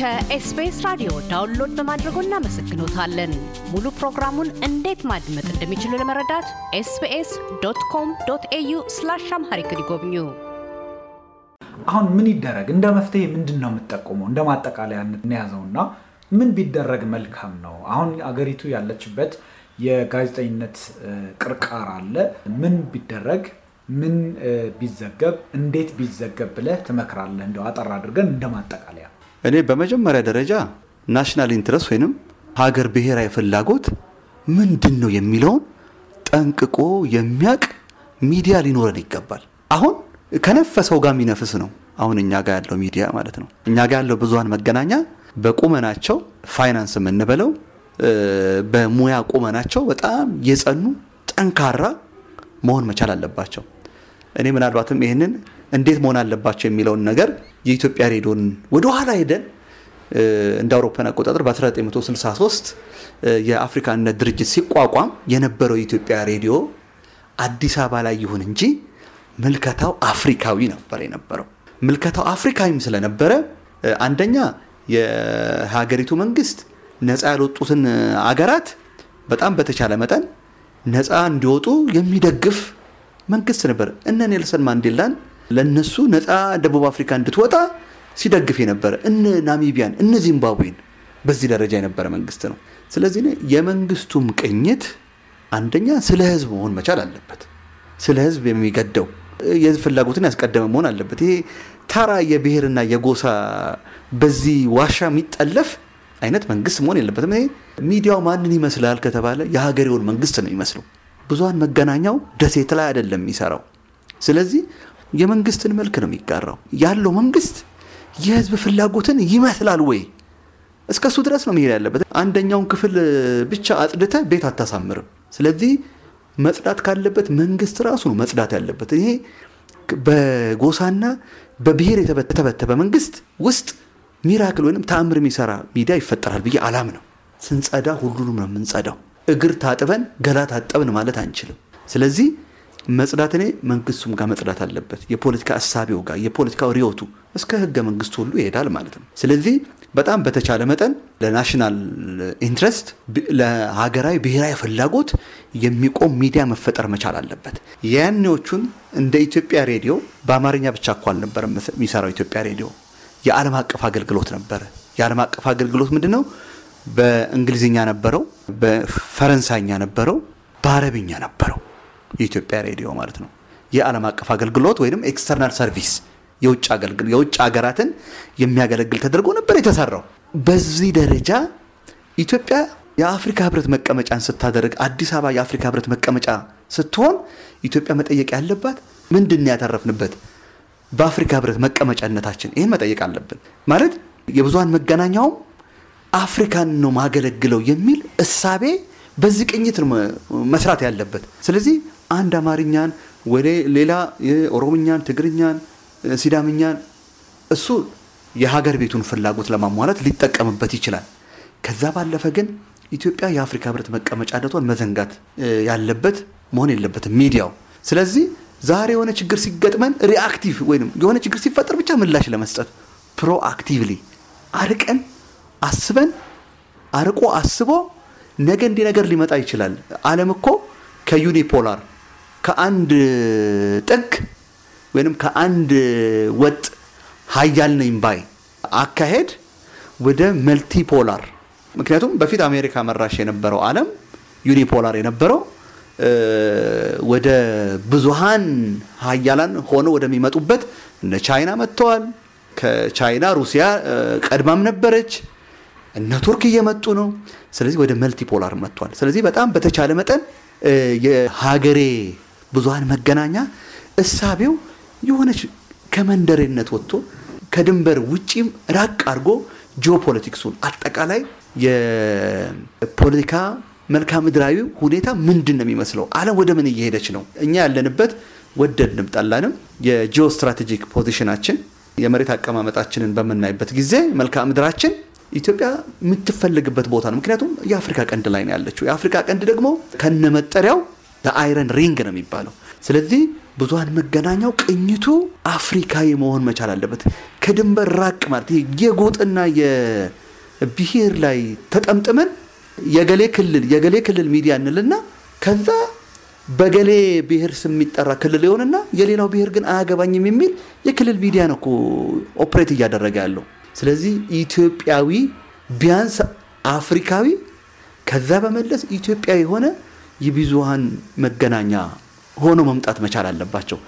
ከኤስቢኤስ ራዲዮ ዳውንሎድ በማድረጎ እናመሰግኖታለን። ሙሉ ፕሮግራሙን እንዴት ማድመጥ እንደሚችሉ ለመረዳት ኤስቢኤስ ዶት ኮም ዶት ኤዩ ስላሽ አምሃሪክ ይጎብኙ። አሁን ምን ይደረግ? እንደ መፍትሄ ምንድን ነው የምጠቁመው? እንደ ማጠቃለያ እንያዘውና ምን ቢደረግ መልካም ነው? አሁን አገሪቱ ያለችበት የጋዜጠኝነት ቅርቃር አለ። ምን ቢደረግ ምን ቢዘገብ እንዴት ቢዘገብ ብለህ ትመክራለህ? እንደው አጠር አድርገን እንደማጠቃለያ እኔ በመጀመሪያ ደረጃ ናሽናል ኢንትረስት ወይንም ሀገር ብሔራዊ ፍላጎት ምንድን ነው የሚለውን ጠንቅቆ የሚያቅ ሚዲያ ሊኖረን ይገባል። አሁን ከነፈሰው ጋር የሚነፍስ ነው። አሁን እኛ ጋር ያለው ሚዲያ ማለት ነው። እኛ ጋር ያለው ብዙሀን መገናኛ በቁመናቸው ፋይናንስ የምንበለው በሙያ ቁመናቸው በጣም የጸኑ ጠንካራ መሆን መቻል አለባቸው። እኔ ምናልባትም ይህንን እንዴት መሆን አለባቸው የሚለውን ነገር የኢትዮጵያ ሬዲዮን ወደኋላ ሄደን እንደ አውሮፓን አቆጣጠር በ1963 የአፍሪካነት ድርጅት ሲቋቋም የነበረው የኢትዮጵያ ሬዲዮ አዲስ አበባ ላይ ይሁን እንጂ ምልከታው አፍሪካዊ ነበር የነበረው። ምልከታው አፍሪካዊም ስለነበረ አንደኛ የሀገሪቱ መንግስት ነፃ ያልወጡትን አገራት በጣም በተቻለ መጠን ነፃ እንዲወጡ የሚደግፍ መንግስት ነበር። እነ ኔልሰን ማንዴላን ለነሱ ነፃ ደቡብ አፍሪካ እንድትወጣ ሲደግፍ የነበረ እነ ናሚቢያን እነ ዚምባብዌን በዚህ ደረጃ የነበረ መንግስት ነው። ስለዚህ የመንግስቱም ቅኝት አንደኛ ስለ ህዝብ መሆን መቻል አለበት። ስለ ህዝብ የሚገደው የህዝብ ፍላጎትን ያስቀደመ መሆን አለበት። ይሄ ታራ የብሔርና የጎሳ በዚህ ዋሻ የሚጠለፍ አይነት መንግስት መሆን የለበትም። ይሄ ሚዲያው ማንን ይመስላል ከተባለ የሀገሬውን መንግስት ነው የሚመስለው። ብዙሀን መገናኛው ደሴት ላይ አይደለም የሚሰራው። ስለዚህ የመንግስትን መልክ ነው የሚጋራው። ያለው መንግስት የህዝብ ፍላጎትን ይመስላል ወይ? እስከ እሱ ድረስ ነው መሄድ ያለበት። አንደኛውን ክፍል ብቻ አጽድተ ቤት አታሳምርም። ስለዚህ መጽዳት ካለበት መንግስት ራሱ ነው መጽዳት ያለበት። ይሄ በጎሳና በብሔር የተበተበ መንግስት ውስጥ ሚራክል ወይም ተአምር የሚሰራ ሚዲያ ይፈጠራል ብዬ አላም ነው። ስንጸዳ ሁሉንም ነው የምንጸዳው። እግር ታጥበን ገላ ታጠብን ማለት አንችልም። ስለዚህ መጽዳት እኔ መንግስቱም ጋር መጽዳት አለበት፣ የፖለቲካ እሳቤው ጋር፣ የፖለቲካ ሪዮቱ እስከ ህገ መንግስቱ ሁሉ ይሄዳል ማለት ነው። ስለዚህ በጣም በተቻለ መጠን ለናሽናል ኢንትረስት ለሀገራዊ ብሔራዊ ፍላጎት የሚቆም ሚዲያ መፈጠር መቻል አለበት። ያኔዎቹን እንደ ኢትዮጵያ ሬዲዮ በአማርኛ ብቻ እኮ አልነበረ የሚሰራው ኢትዮጵያ ሬዲዮ የዓለም አቀፍ አገልግሎት ነበረ። የዓለም አቀፍ አገልግሎት ምንድን ነው? በእንግሊዝኛ ነበረው፣ በፈረንሳይኛ ነበረው፣ በአረብኛ ነበረው። የኢትዮጵያ ሬዲዮ ማለት ነው። የዓለም አቀፍ አገልግሎት ወይም ኤክስተርናል ሰርቪስ የውጭ ሀገራትን የሚያገለግል ተደርጎ ነበር የተሰራው። በዚህ ደረጃ ኢትዮጵያ የአፍሪካ ህብረት መቀመጫን ስታደርግ አዲስ አበባ የአፍሪካ ህብረት መቀመጫ ስትሆን ኢትዮጵያ መጠየቅ ያለባት ምንድን ያተረፍንበት በአፍሪካ ህብረት መቀመጫነታችን? ይህን መጠየቅ አለብን። ማለት የብዙሀን መገናኛውም አፍሪካን ነው ማገለግለው የሚል እሳቤ በዚህ ቅኝት መስራት ያለበት። ስለዚህ አንድ አማርኛን ወደ ሌላ ኦሮምኛን፣ ትግርኛን፣ ሲዳምኛን እሱ የሀገር ቤቱን ፍላጎት ለማሟላት ሊጠቀምበት ይችላል። ከዛ ባለፈ ግን ኢትዮጵያ የአፍሪካ ህብረት ደቷን መዘንጋት ያለበት መሆን የለበትም ሚዲያው። ስለዚህ ዛሬ የሆነ ችግር ሲገጥመን ሪአክቲቭ ወይም የሆነ ችግር ሲፈጠር ብቻ ምላሽ ለመስጠት ፕሮአክቲቭሊ አርቀን አስበን አርቆ አስቦ ነገ እንዲህ ነገር ሊመጣ ይችላል። ዓለም እኮ ከዩኒፖላር ከአንድ ጥግ ወይም ከአንድ ወጥ ሀያል ነኝ ባይ አካሄድ ወደ መልቲፖላር ምክንያቱም በፊት አሜሪካ መራሽ የነበረው አለም ዩኒፖላር የነበረው ወደ ብዙሃን ሀያላን ሆነ ወደሚመጡበት እነ ቻይና መጥተዋል። ከቻይና ሩሲያ ቀድማም ነበረች። እነ ቱርክ እየመጡ ነው። ስለዚህ ወደ መልቲፖላር መጥቷል። ስለዚህ በጣም በተቻለ መጠን የሀገሬ ብዙሃን መገናኛ እሳቤው የሆነች ከመንደሬነት ወጥቶ ከድንበር ውጪም ራቅ አድርጎ ጂኦፖለቲክሱን አጠቃላይ የፖለቲካ መልክዓ ምድራዊ ሁኔታ ምንድን ነው የሚመስለው? ዓለም ወደ ምን እየሄደች ነው? እኛ ያለንበት ወደድንም ጠላንም የጂኦ ስትራቴጂክ ፖዚሽናችን የመሬት አቀማመጣችንን በምናይበት ጊዜ መልክዓ ምድራችን ኢትዮጵያ የምትፈልግበት ቦታ ነው። ምክንያቱም የአፍሪካ ቀንድ ላይ ነው ያለችው። የአፍሪካ ቀንድ ደግሞ ከነመጠሪያው አይረን ሪንግ ነው የሚባለው። ስለዚህ ብዙሀን መገናኛው ቅኝቱ አፍሪካዊ መሆን መቻል አለበት። ከድንበር ራቅ ማለት የጎጥና የብሄር ላይ ተጠምጥመን የገሌ ክልል የገሌ ክልል ሚዲያ እንልና ከዛ በገሌ ብሔር ስም የሚጠራ ክልል የሆንና የሌላው ብሔር ግን አያገባኝም የሚል የክልል ሚዲያ ነው ኦፕሬት እያደረገ ያለው። ስለዚህ ኢትዮጵያዊ ቢያንስ አፍሪካዊ ከዛ በመለስ ኢትዮጵያዊ የሆነ የብዙሃን መገናኛ ሆኖ መምጣት መቻል አለባቸው።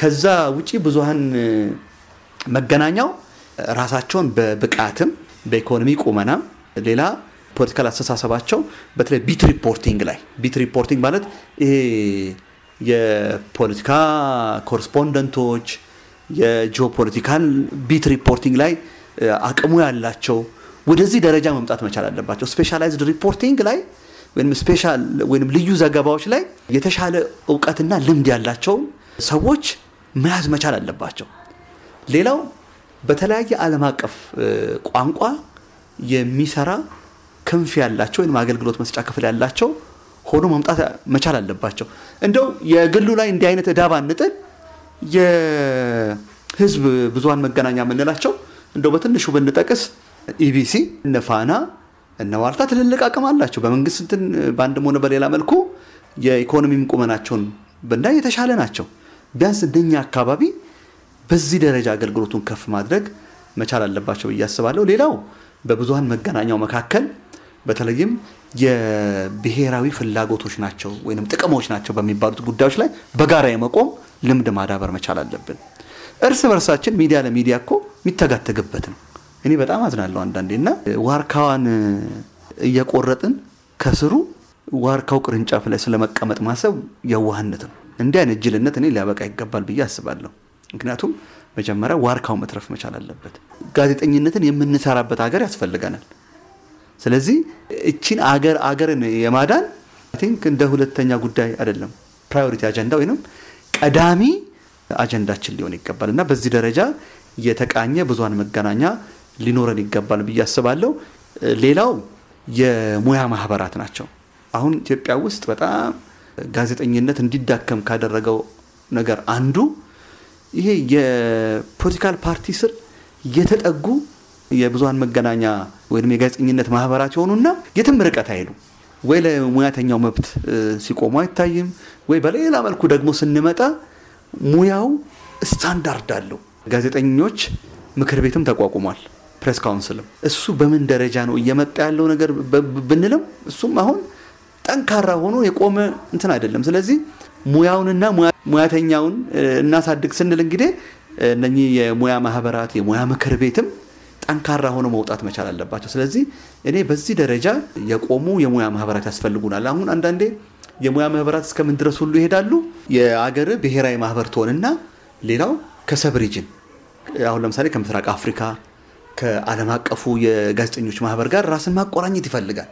ከዛ ውጪ ብዙሃን መገናኛው ራሳቸውን በብቃትም በኢኮኖሚ ቁመናም ሌላ ፖለቲካል አስተሳሰባቸው በተለይ ቢት ሪፖርቲንግ ላይ ቢት ሪፖርቲንግ ማለት ይሄ የፖለቲካ ኮረስፖንደንቶች የጂኦፖለቲካል ቢት ሪፖርቲንግ ላይ አቅሙ ያላቸው ወደዚህ ደረጃ መምጣት መቻል አለባቸው። ስፔሻላይዝድ ሪፖርቲንግ ላይ ወይም ስፔሻል ወይም ልዩ ዘገባዎች ላይ የተሻለ እውቀትና ልምድ ያላቸውን ሰዎች መያዝ መቻል አለባቸው። ሌላው በተለያየ ዓለም አቀፍ ቋንቋ የሚሰራ ክንፍ ያላቸው ወይም አገልግሎት መስጫ ክፍል ያላቸው ሆኖ መምጣት መቻል አለባቸው። እንደው የግሉ ላይ እንዲህ አይነት ዕዳ ባንጥል የህዝብ ብዙሀን መገናኛ የምንላቸው እንደው በትንሹ ብንጠቅስ ኢቢሲ፣ ነፋና እነ ትልልቅ አቅም አላቸው። በመንግስት እንትን በአንድም ሆነ በሌላ መልኩ የኢኮኖሚም ቁመናቸውን ብናይ የተሻለ ናቸው። ቢያንስ እንደኛ አካባቢ በዚህ ደረጃ አገልግሎቱን ከፍ ማድረግ መቻል አለባቸው ብዬ አስባለሁ። ሌላው በብዙሀን መገናኛው መካከል በተለይም የብሔራዊ ፍላጎቶች ናቸው ወይም ጥቅሞች ናቸው በሚባሉት ጉዳዮች ላይ በጋራ የመቆም ልምድ ማዳበር መቻል አለብን። እርስ በርሳችን ሚዲያ ለሚዲያ እኮ የሚተጋተግበት ነው። እኔ በጣም አዝናለሁ አንዳንዴ እና ዋርካዋን እየቆረጥን ከስሩ ዋርካው ቅርንጫፍ ላይ ስለመቀመጥ ማሰብ የዋህነት ነው። እንዲህ አይነት ጅልነት እኔ ሊያበቃ ይገባል ብዬ አስባለሁ። ምክንያቱም መጀመሪያ ዋርካው መትረፍ መቻል አለበት። ጋዜጠኝነትን የምንሰራበት ሀገር ያስፈልገናል። ስለዚህ እቺን አገር አገርን የማዳን ቲንክ እንደ ሁለተኛ ጉዳይ አይደለም ፕራዮሪቲ አጀንዳ ወይም ቀዳሚ አጀንዳችን ሊሆን ይገባል እና በዚህ ደረጃ የተቃኘ ብዙሃን መገናኛ ሊኖረን ይገባል ብዬ አስባለሁ። ሌላው የሙያ ማህበራት ናቸው። አሁን ኢትዮጵያ ውስጥ በጣም ጋዜጠኝነት እንዲዳከም ካደረገው ነገር አንዱ ይሄ የፖለቲካል ፓርቲ ስር የተጠጉ የብዙሀን መገናኛ ወይም የጋዜጠኝነት ማህበራት የሆኑና የትም ርቀት አይሉ ወይ ለሙያተኛው መብት ሲቆሙ አይታይም፣ ወይ በሌላ መልኩ ደግሞ ስንመጣ ሙያው ስታንዳርድ አለው። ጋዜጠኞች ምክር ቤትም ተቋቁሟል። ፕሬስ ካውንስልም እሱ በምን ደረጃ ነው እየመጣ ያለው ነገር ብንልም እሱም አሁን ጠንካራ ሆኖ የቆመ እንትን አይደለም። ስለዚህ ሙያውንና ሙያተኛውን እናሳድግ ስንል እንግዲህ እነኚህ የሙያ ማህበራት የሙያ ምክር ቤትም ጠንካራ ሆኖ መውጣት መቻል አለባቸው። ስለዚህ እኔ በዚህ ደረጃ የቆሙ የሙያ ማህበራት ያስፈልጉናል። አሁን አንዳንዴ የሙያ ማህበራት እስከምን ድረስ ሁሉ ይሄዳሉ። የአገር ብሔራዊ ማህበር ትሆንና ሌላው ከሰብ ሪጅን አሁን ለምሳሌ ከምስራቅ አፍሪካ ከዓለም አቀፉ የጋዜጠኞች ማህበር ጋር ራስን ማቆራኘት ይፈልጋል።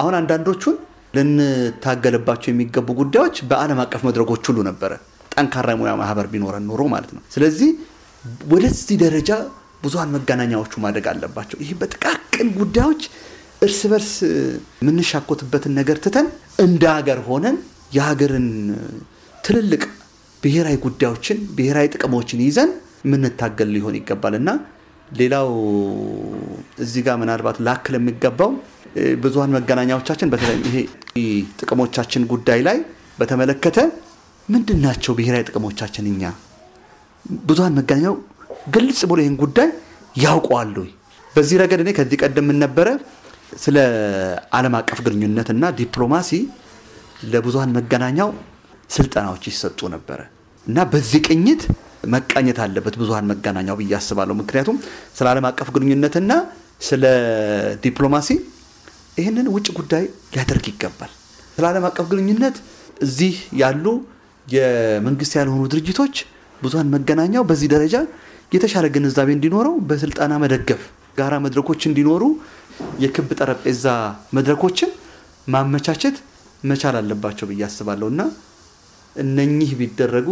አሁን አንዳንዶቹን ልንታገልባቸው የሚገቡ ጉዳዮች በዓለም አቀፍ መድረኮች ሁሉ ነበረ፣ ጠንካራ ሙያ ማህበር ቢኖረን ኖሮ ማለት ነው። ስለዚህ ወደዚህ ደረጃ ብዙሀን መገናኛዎቹ ማደግ አለባቸው። ይህ በጥቃቅን ጉዳዮች እርስ በርስ የምንሻኮትበትን ነገር ትተን እንደ ሀገር ሆነን የሀገርን ትልልቅ ብሔራዊ ጉዳዮችን፣ ብሔራዊ ጥቅሞችን ይዘን የምንታገል ሊሆን ይገባል እና ሌላው እዚህ ጋር ምናልባት ላክል የሚገባው ብዙሀን መገናኛዎቻችን በተለይ ይሄ ጥቅሞቻችን ጉዳይ ላይ በተመለከተ ምንድን ናቸው ብሔራዊ ጥቅሞቻችን? እኛ ብዙሀን መገናኛው ግልጽ ብሎ ይህን ጉዳይ ያውቋሉ በዚህ ረገድ እኔ ከዚህ ቀደም ነበረ ስለ ዓለም አቀፍ ግንኙነትና ዲፕሎማሲ ለብዙሀን መገናኛው ስልጠናዎች ይሰጡ ነበረ እና በዚህ ቅኝት መቃኘት አለበት ብዙሀን መገናኛው ብዬ አስባለሁ። ምክንያቱም ስለ ዓለም አቀፍ ግንኙነትና ስለ ዲፕሎማሲ ይህንን ውጭ ጉዳይ ሊያደርግ ይገባል። ስለ ዓለም አቀፍ ግንኙነት እዚህ ያሉ የመንግስት ያልሆኑ ድርጅቶች ብዙሀን መገናኛው በዚህ ደረጃ የተሻለ ግንዛቤ እንዲኖረው በስልጠና መደገፍ፣ ጋራ መድረኮች እንዲኖሩ የክብ ጠረጴዛ መድረኮችን ማመቻቸት መቻል አለባቸው ብዬ አስባለሁ እና እነኚህ ቢደረጉ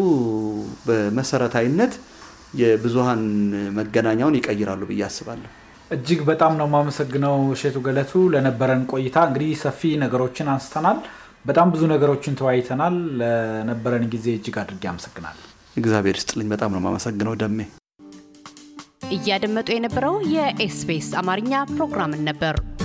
በመሰረታዊነት የብዙሀን መገናኛውን ይቀይራሉ ብዬ አስባለሁ። እጅግ በጣም ነው የማመሰግነው ሴቱ ገለቱ ለነበረን ቆይታ። እንግዲህ ሰፊ ነገሮችን አንስተናል፣ በጣም ብዙ ነገሮችን ተወያይተናል። ለነበረን ጊዜ እጅግ አድርጌ አመሰግናል። እግዚአብሔር ይስጥልኝ። በጣም ነው የማመሰግነው ደሜ። እያደመጡ የነበረው የኤስቢኤስ አማርኛ ፕሮግራምን ነበር።